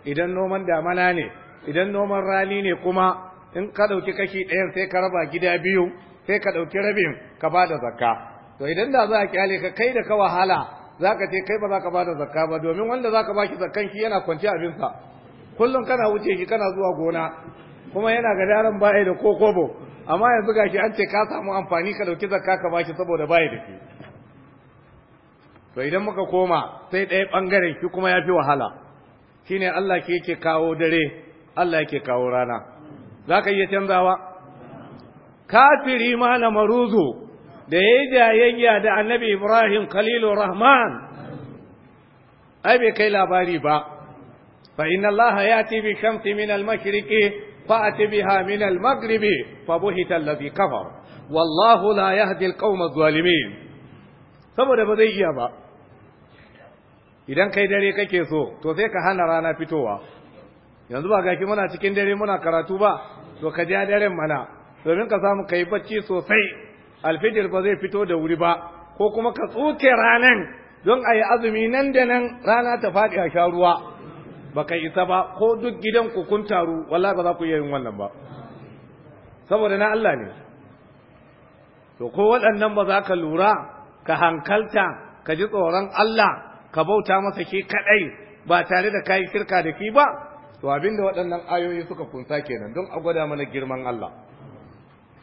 idan noman damana ne idan noman rani ne kuma in ka ɗauki kashi ɗayan sai ka raba gida biyu sai ka ɗauki rabin ka ba da zakka to idan da za a kyale ka kai da ka wahala za ka ce kai ba za ka ba da zakka ba domin wanda za ka ba shi zakkan shi yana kwanci abinsa kullum kana wuce shi kana zuwa gona kuma yana ga daren baya da kokobo amma yanzu gashi an ce ka samu amfani ka dauki zakka ka ba shi saboda baya da ke. to idan muka koma sai ɗaya ɓangaren shi kuma ya fi wahala shine Allah ke yake kawo dare Allah yake kawo rana za ka iya canzawa kafiri ma na maruzu da ya yi jayayya da annabi ibrahim khalilu rahman ai bai kai labari ba fa inna allah ya ti bi shamsi min al mashriqi fa ati biha min al maghribi fa buhita allazi kafar wallahu la yahdi al qawma zalimin saboda ba zai iya ba idan kai dare kake so to sai ka hana rana fitowa yanzu ba gaki muna cikin dare muna karatu ba to ka ja daren mana domin ka samu kai bacci sosai alfijir ba zai fito da wuri ba ko kuma ka tsuke ranan don a yi azumi nan da nan rana ta faɗi a sha ruwa ba ka isa ba ko duk gidan ku kun taru wallahi ba za ku iya yin wannan ba saboda na Allah ne to ko waɗannan ba za ka lura ka hankalta ka ji tsoron Allah ka bauta masa ke kaɗai ba tare da kayi shirka da ki ba to abinda waɗannan ayoyi suka kunsa kenan don a gwada mana girman Allah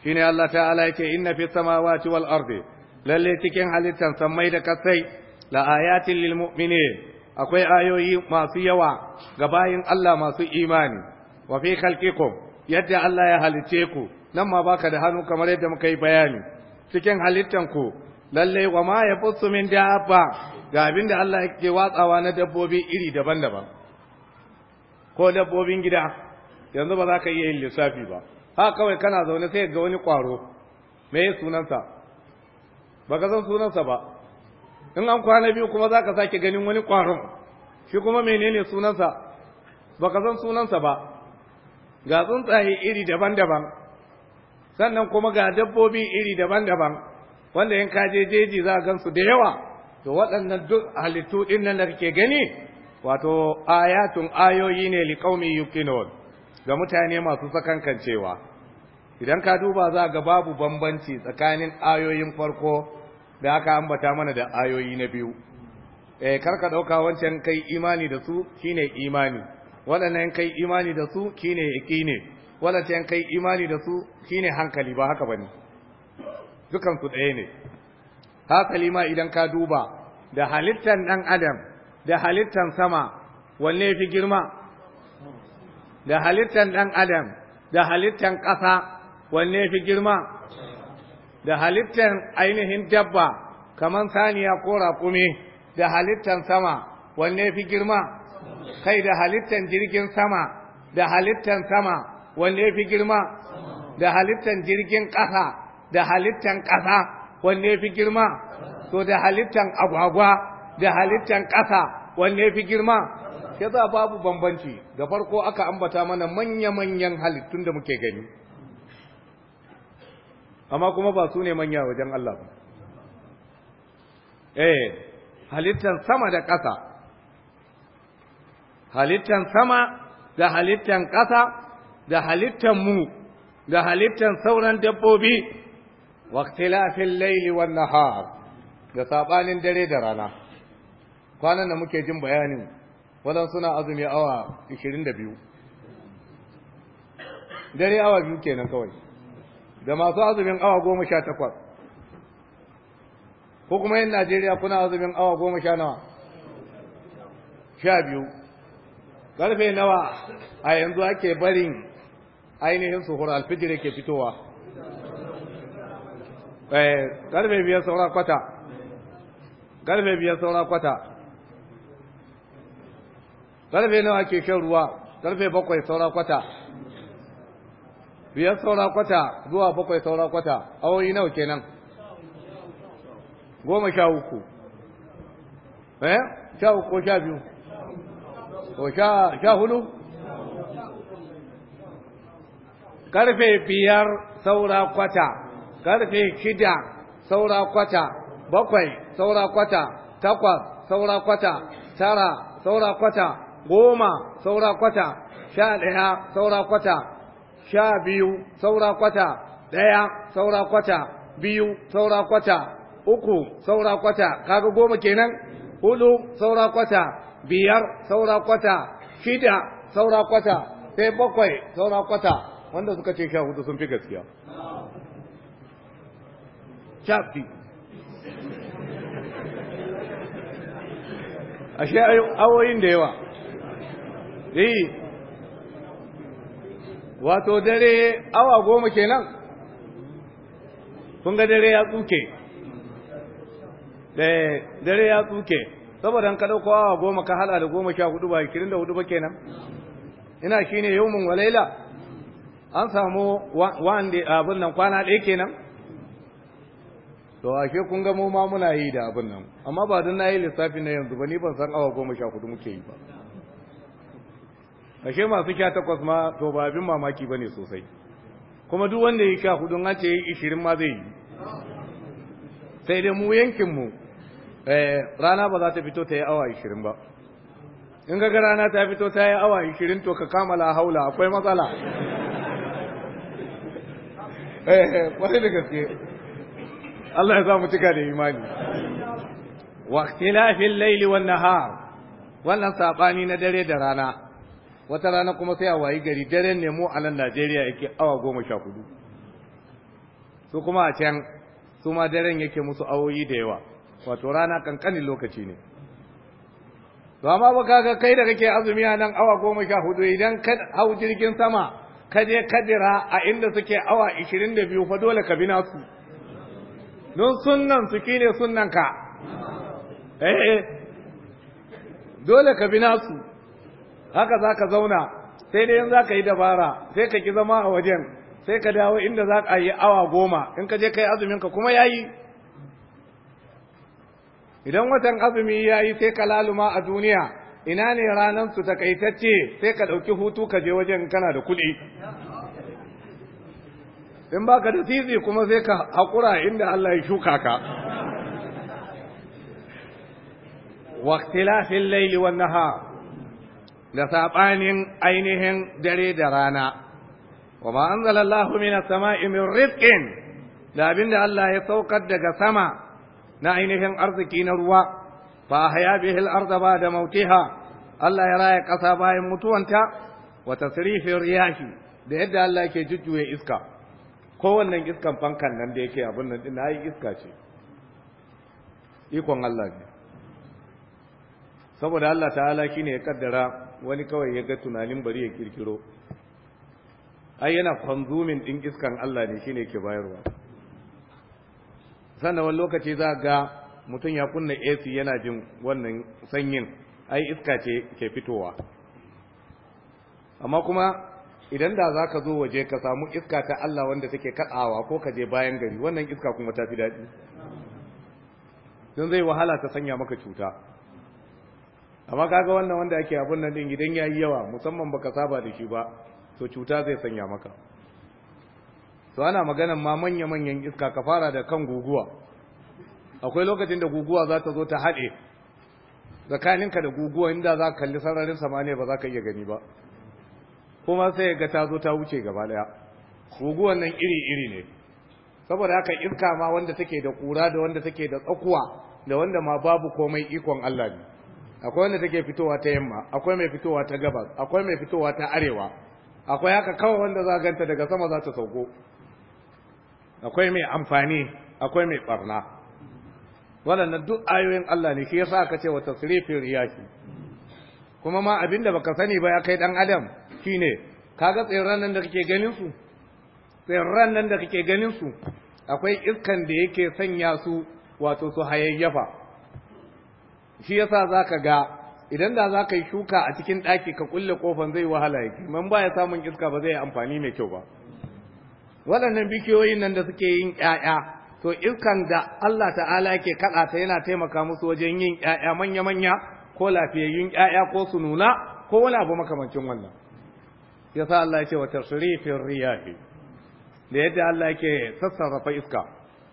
shine Allah ta'ala yake inna fi samawati wal ardi lalle cikin halittan sammai da kasai la ayatin lil mu'minin akwai ayoyi masu yawa ga bayin Allah masu imani wa fi khalqikum yadda Allah ya halice ku nan ma baka da hannu kamar yadda muka yi bayani cikin halittan ku lalle wa ma yabutsu min dabba ga abinda Allah yake watsawa na dabbobi iri daban-daban ko dabbobin gida yanzu ba za ka iya yin lissafi ba ha kawai kana zaune sai ga wani kwaro me ya sunansa ba ka san sunansa ba in an kwana biyu kuma za ka sake ganin wani ƙwaron shi kuma menene sunansa ba ka san sunansa ba ga tsuntsaye iri daban-daban sannan kuma ga dabbobi iri daban-daban wanda in ka je jeji za a gansu da yawa to waɗannan duk halittu ɗin nan da kake gani wato ayatun ayoyi ne liƙaumi yuqinun ga mutane masu sakankancewa idan ka duba za ga babu bambanci tsakanin ayoyin farko da aka ambata mana da ayoyi na biyu eh karka dauka wancan kai imani da su shine imani wadannan kai imani da su shine yaqine wadannan kai imani da su shine hankali ba haka bane dukan su ɗaya ne Ha, ma idan ka duba da halittan dan adam da halittan sama wanne fi girma da halittan ɗan adam da halittan ƙasa wanne fi girma da halittan ainihin dabba kamar saniya ko raƙumi da halittan sama wanne fi girma kai da halittan jirgin sama da halittan sama wanne fi girma da halittan jirgin ƙasa da halittan ƙasa wanne fi girma to da halittan agwagwa da halittan ƙasa wanne fi girma yasa babu bambanci da farko aka ambata mana manya-manyan halittun da muke gani amma kuma ba su ne manya wajen Allah ba eh halittan sama da ƙasa halittan sama da halittan ƙasa da halittan mu da halittan sauran dabbobi waqtilafil layli wan nahar da sabanin dare da rana kwanan da muke jin bayanin wadan suna azumi awa 22 dare awa biyu kenan kawai da masu azumin awa 18 ko kuma yin Najeriya kuna azumin awa 10 nawa 12 karfe nawa a yanzu ake barin ainihin suhur alfijir ke fitowa karfe eh, biyar saura kwata karfe biyar saura kwata karfe nawa ke shan ruwa karfe bakwai saura kwata biyar saura kwata zuwa bakwai saura kwata awoyi nawa kenan goma sha uku eh sha uku ko sha biyu ko sha hudu karfe biyar saura kwata karfe shida saura kwata bakwai saura kwata takwas saura kwata tara saura kwata goma saura kwata sha ɗaya saura kwata sha biyu saura kwata ɗaya saura kwata biyu saura kwata uku saura kwata kaga goma kenan hudu saura kwata biyar saura kwata shida saura kwata sai bakwai saura kwata wanda suka ce sha hudu sun fi gaskiya sha ashe awoyin da yawa eh wato dare awa goma kenan kun ga dare ya tsuke eh, dare ya tsuke saboda ka dauko awa goma ka hada da goma sha hudu ba 24 hudu ba kenan ina shine yawmun walaila an samu wanda abin nan kwana ɗaya kenan to ashe kun ga mu ma muna yi da abin nan amma ba don nayi lissafi na yanzu ba ni ban san awa goma sha hudu muke yi ba ashe masu sha takwas ma to ba abin mamaki ba ne sosai kuma duk wanda ya sha hudun an ce ishirin ma zai yi sai dai mu yankinmu eh, rana ba za ta fito ta yi awa ishirin ba in ga rana ta fito ta yi awa ishirin to ka kamala haula akwai matsala kwarai <laughs> eh, eh, da gaske Allah ya sa mu cika da imani wa ikhtilafil layli wan nahar wannan sabani na dare da rana wata rana kuma sai a wayi gari daren ne mu a nan Najeriya yake awa goma sha hudu su kuma a can su ma daren yake musu awoyi da yawa wato rana kankanin lokaci ne to amma ba kaga kai da kake azumi a nan awa goma sha hudu idan ka hau jirgin sama ka je kadira a inda suke awa ishirin da biyu fa dole ka bi nasu don sunnan su kine sunnan ka eh, eh dole ka bi nasu haka za ka zauna sai dai in za ka yi dabara sai ka ki zama a wajen sai ka dawo inda za ka yi awa goma in ka je ka yi azuminka kuma ya yi idan watan azumi ya yi sai ka laluma a duniya ina ne ranar su takaitacce sai ka ɗauki hutu ka je wajen kana da kuɗi in ba ka da tizi kuma sai ka haƙura inda Allah ya shuka ka waktilafin laili wan nahar da saɓanin ainihin dare da rana wa ma Allahu minas sama'i min rizqin da abinda Allah ya saukar daga sama na ainihin arziki na ruwa fa haya bihi al ba da mautiha Allah ya raya ƙasa bayan mutuwanta wa tasrifin riyahi da yadda Allah yake jujjuye iska Kowannan iskan fankan nan da yake abin nan din iska ce ikon Allah ne saboda Allah ta'ala shine ya kaddara wani kawai ya ga tunanin bari ya kirkiro ai yana kwanzumin ɗin iskan Allah ne shine ke bayarwa sannan wani lokaci za ga mutum ya kunna AC yana jin wannan sanyin ai iska ce ke fitowa amma kuma idan da za ka zo waje ka samu iska ta Allah wanda take kaɗawa ko ka je bayan gari wannan iska kuma ta fi daɗi don zai wahala ta sanya maka cuta amma kaga wannan wanda ake abun nan din idan yayi yawa musamman baka saba da shi ba to cuta zai sanya maka to ana maganan ma manya manyan iska ka fara da kan guguwa akwai lokacin da guguwa za ta zo ta haɗe tsakaninka da guguwa inda za ka kalli sararin samaniya ba za ka iya gani ba kuma sai ga ta zo ta wuce gaba daya guguwan nan iri iri ne saboda haka iska ma wanda take da kura da wanda take da tsakuwa da wanda ma babu komai ikon Allah ne akwai wanda take fitowa ta yamma akwai mai fitowa ta gabas akwai mai fitowa ta arewa akwai haka kawai wanda za ganta daga sama za ta sauko akwai mai amfani akwai mai barna waɗannan duk ayoyin Allah ne shi yasa aka ce wa sirifin riyashi kuma ma abinda baka sani ba ya kai dan adam shine kaga tsirran nan da kake ganin su tsirran nan da kake ganin su akwai iskan da yake sanya su wato su hayayyafa shi yasa zaka ga idan da zaka yi shuka a cikin ɗaki ka kulle kofan zai wahala yake man baya samun iska ba zai amfani mai kyau ba waɗannan bikiyoyin nan da suke yin ƴaƴa to iskan da Allah ta'ala yake kaɗa ta yana taimaka musu wajen yin ƴaƴa manya manya ko lafiyayyun ƴaƴa ko su nuna ko wani abu makamancin wannan yasa Allah yake wa tashrifir riyahi da yadda Allah yake sassarrafa iska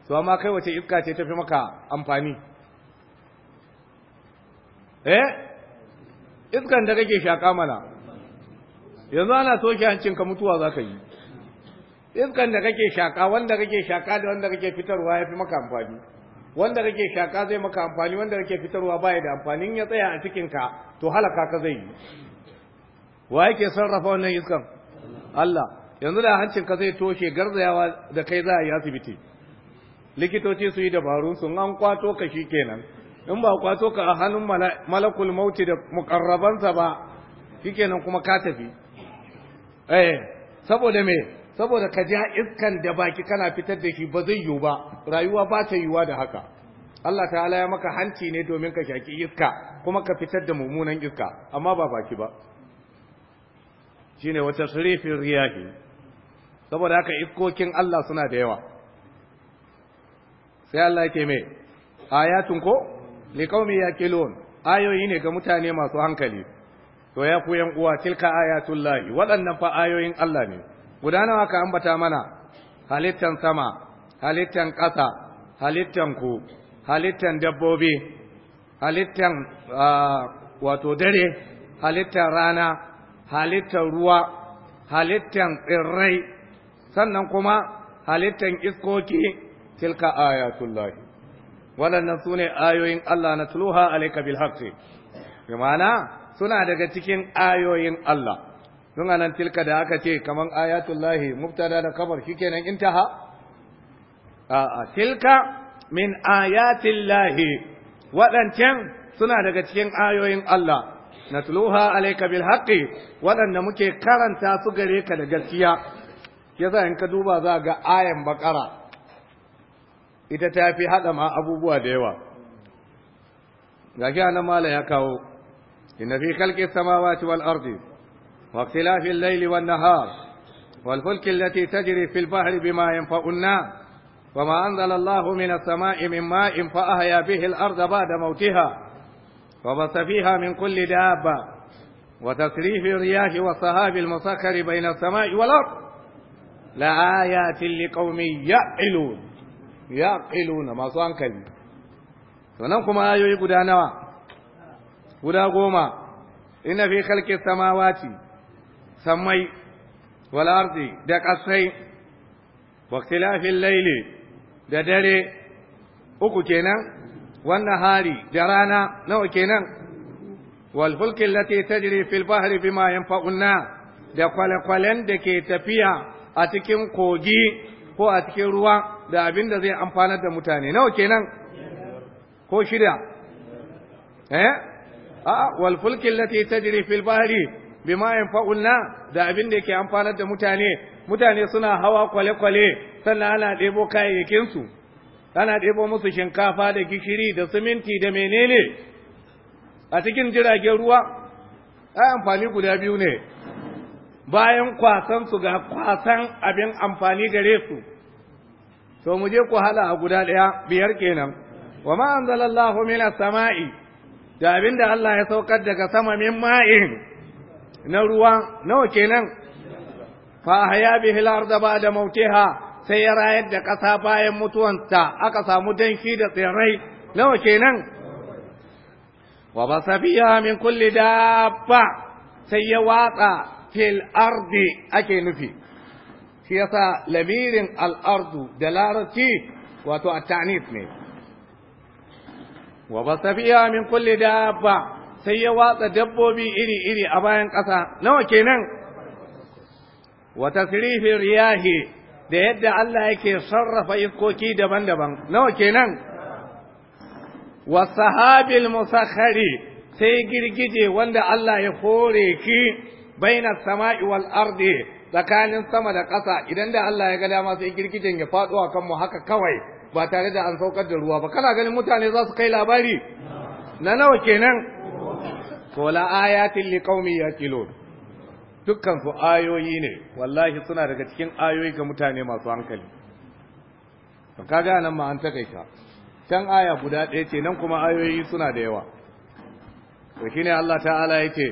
to amma kai wace iska ce ta fi maka amfani eh iskan da kake shaka mana yanzu ana toshe hancinka mutuwa za ka yi iskan da kake shaka wanda kake shaka da wanda kake fitarwa ya fi maka amfani wanda kake shaka zai maka amfani wanda kake fitarwa baya da amfanin ya tsaya a cikinka to halaka ka zai yi wa yake sarrafa wannan iskan Allah yanzu da hancinka zai toshe garzayawa da kai za a yi asibiti likitoci su yi dabaru sun an kwato ka shi kenan in ba kwato ka a hannun malakul mauti da mukarrabansa ba shikenan kuma ka tafi eh saboda me saboda ka ja iskan da baki kana fitar da shi ba zai yiwu ba rayuwa ba ta yiwuwa da haka Allah ta'ala ya maka hanci ne domin ka shaki iska kuma ka fitar da mummunan iska amma ba baki ba shine wata sirifin riyahi saboda haka iskokin Allah suna da yawa sai Allah yake me ayatun ko liqaumi yaqilun ayoyi ne ga mutane masu hankali to ya ku yan uwa tilka ayatullahi waɗannan fa ayoyin Allah ne guda nawa ka ambata mana halittan sama halittan ƙasa halittan ku halittan dabbobi halittan wato dare halittan rana halittan ruwa halittan tsirrai sannan kuma halittan iskoki tilka ayatullahi waɗannan su ayoyin Allah na tuluha alaika bil haqqi ma'ana suna daga cikin ayoyin Allah don anan tilka da aka ce kaman lahi mubtada da kabar shikenan intaha a'a tilka min lahi waɗancan suna daga cikin ayoyin Allah tuluha alayka bil haqqi waɗanda muke karanta su gare ka da gaskiya yasa in ka duba za ga ayan bakara ita ta fi haɗa ma abubuwa da yawa ga shi anan mala ya kawo inna fi khalqi samawati wal ardi wa ikhtilafi al-layli wan nahar wal fulki allati tajri fi al bahri bima yanfa'u an-nas bihi al الله ba'da mawtiha wa basa fiha min kulli dabba wa tasrifi فيها wa sahabi al-musakhkhari bayna as-sama'i wal ardi la ayatin liqaumin ya'ilun Ya yaqiluna masu hankali sannan nan kuma ayoyi guda nawa guda goma ina fi khalqis samawati samai wal da kasai wa ikhtilafil da dare uku kenan wannan hari da rana nawa kenan wal fulki allati tajri fil bahri bima yanfa'una da kwale-kwalen da ke tafiya a cikin kogi ko a cikin ruwa da abin da zai amfanar da mutane nawa kenan ko shida eh a'a wal fulki allati tajri fil bahri bima yanfa'una da abin da yake amfanar da mutane mutane suna hawa kwale-kwale sannan ana ɗebo kayayyakin su ana ɗebo musu shinkafa da gishiri da siminti da menene a cikin jiragen ruwa ai amfani guda biyu ne bayan kwasan su ga kwasan abin amfani gare su to mu je ku hala a guda ɗaya biyar kenan wa ma anzalallahu min samai da abinda Allah ya saukar daga sama min ma'in na ruwa nawa kenan fa haya bihi al-ardha ba'da mawtiha sai ya rayar da ƙasa bayan mutuwanta aka samu danki da tsirrai nawa kenan wa basabiya min kulli dabba sai ya watsa fil ardi ake nufi shi yasa lamirin al'ardu da larabci wato a ta'anif ne wa ba safiya min da dabba sai ya watsa dabbobi iri-iri a bayan ƙasa nawa kenan wa tasrifin riyahi da yadda Allah yake sarrafa iskoki daban-daban nawa kenan wa sahabil musakhari sai girgije wanda Allah ya hore ki baina sama'i wal ardi tsakanin sama da ƙasa idan da Allah ya ga dama sai girgijen ya faɗo a kanmu haka kawai ba tare da an saukar da ruwa ba kana ganin mutane za su kai labari na nawa kenan ko la ayatin li qaumi yaqilun dukkan su ayoyi ne wallahi suna daga cikin ayoyi ga mutane masu hankali to kaga nan ma an takaita can aya guda ɗaya ce nan kuma ayoyi suna da yawa to shine Allah ta'ala yake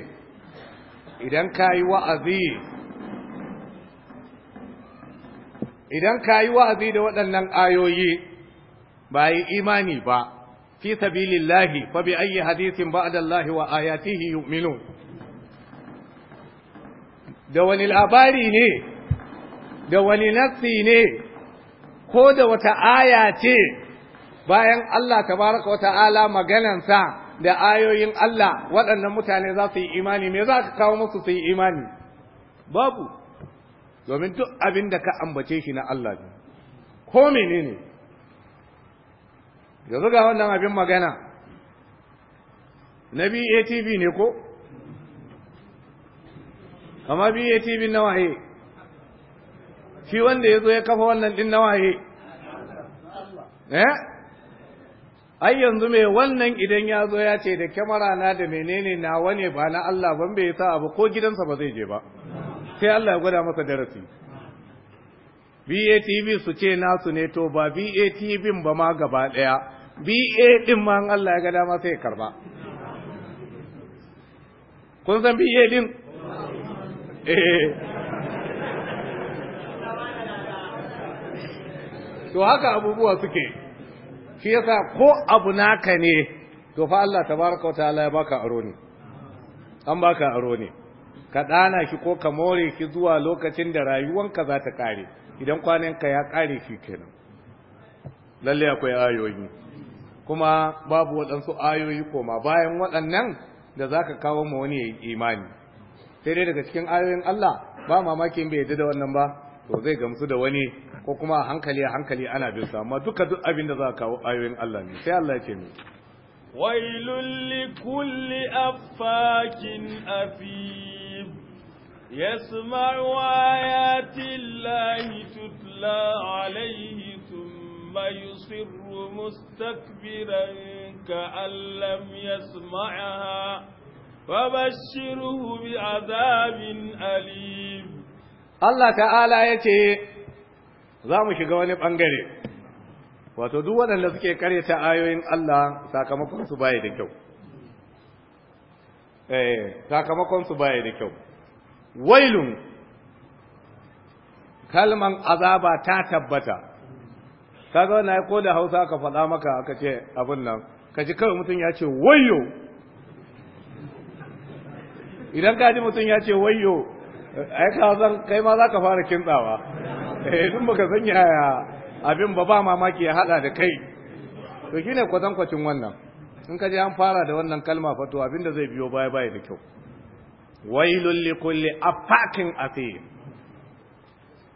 idan kayi wa'azi idan ka yi wa'azi da waɗannan ayoyi ba yi imani ba fi sabilillahi ba bi ayyi hadisin ba'dallahi wa ayatihi yuminu da wani labari ne da wani nassi ne ko da wata aya ce bayan Allah ta tabaraka wa ta'ala maganansa da ayoyin Allah waɗannan mutane za su yi imani me za ka kawo musu su yi imani babu domin duk abin da ka ambace shi na Allah ne ko menene yanzu ga wannan abin magana na BATV ne ko kama BATV na waye shi wanda ya zo ya kafa wannan din na waye eh ai yanzu mai wannan idan ya zo ya ce da kyamara na da menene na wane ba na Allah ban bai sa abu ko gidansa ba zai je ba sai Allah ya gwada masa darasi BATV su ce nasu ne to ba BATV ba ma gaba ɗaya BA ɗin ma Allah ya ga dama sai ya karba kun san BA ɗin eh to haka abubuwa suke shi yasa ko abu naka ne to fa Allah tabaraka wa ta'ala ya baka aro ne an baka aro ne ka ɗana shi ko ka more shi zuwa lokacin da rayuwanka za ta ƙare idan kwananka ya ƙare shi kenan lalle akwai ayoyi kuma babu waɗansu ayoyi koma bayan waɗannan da za ka kawo ma wani ya imani sai dai daga cikin ayoyin Allah ba mamakin bai yadda da wannan ba to zai gamsu da wani ko kuma hankali hankali ana bin sa amma duka duk abin da za ka kawo ayoyin Allah ne sai Allah ya ce ni wailul likulli affakin afi يسمع آيات الله تتلى عليه ثم يصر مستكبرا كأن لم يسمعها فبشره بعذاب أليم الله تعالى يتي za mu shiga wani ɓangare wato duk waɗanda suke karyata ayoyin Allah baya da sakamakonsu baya da kyau wailun kalman azaba ta tabbata kaga wannan ko da Hausa ka faɗa maka aka ce abin nan ka ji kawai mutum ya ce wayo idan ka ji mutum ya ce wayo ai ka san kai ma za ka fara kintsawa eh duk baka san yaya abin ba ba mamaki ya hada da kai to shine kwatankwacin wannan in ka je an fara da wannan kalma fato abinda zai biyo baya baya da kyau wailul likulli afakin athim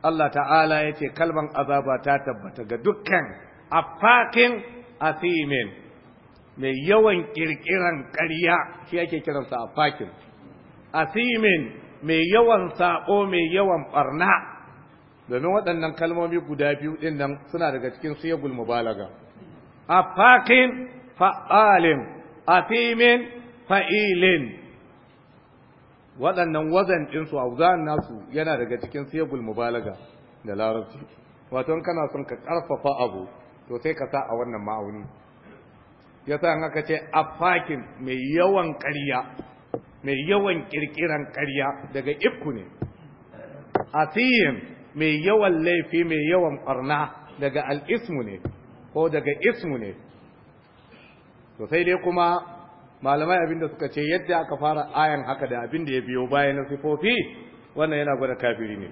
Allah ta'ala yace kalman azaba ta tabbata ga dukkan afakin asimin mai yawan kirkiran ƙarya shi ake kiransa afakin athimin mai yawan sako mai yawan ɓarna. domin waɗannan kalmomi guda biyu ɗin suna daga cikin siyagul mubalaga afakin fa'alim athimin fa'ilin waɗannan wazan ɗinsu auzan nasu yana daga cikin sebul mubalaga da larabci wato kana son ka ƙarfafa abu to sai ka sa a wannan ma'auni ya sa an aka ce afakin mai yawan ƙarya mai yawan ƙirƙiran ƙarya daga ifku ne asiyin mai yawan laifi mai yawan ɓarna daga al'ismu ne ko daga ismu ne to sai dai kuma malamai abin da suka ce yadda aka fara ayan haka da abinda ya biyo bayan na sifofi wannan yana gwada kafiri ne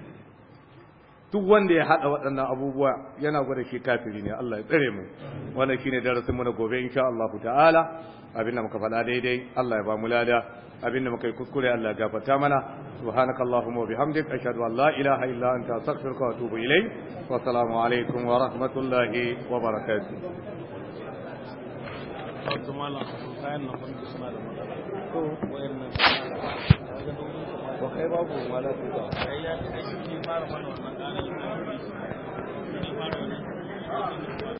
duk wanda ya hada waɗannan abubuwa yana gwada shi kafiri ne Allah ya tsare mu wannan shine darasin mu na gobe insha Allah ta'ala abinda muka faɗa daidai Allah ya ba mu lada abinda muka yi kuskure Allah ya gafarta mana subhanakallahumma wa bihamdika ashhadu an la ilaha illa anta astaghfiruka wa atubu ilayk wa assalamu alaikum wa rahmatullahi wa barakatuh wasu malam kayan nan wanda suna da matsala to wayan nan ba kai babu ma da su ba kai ya kai shi fara mana wannan ƙarin da ya fara wannan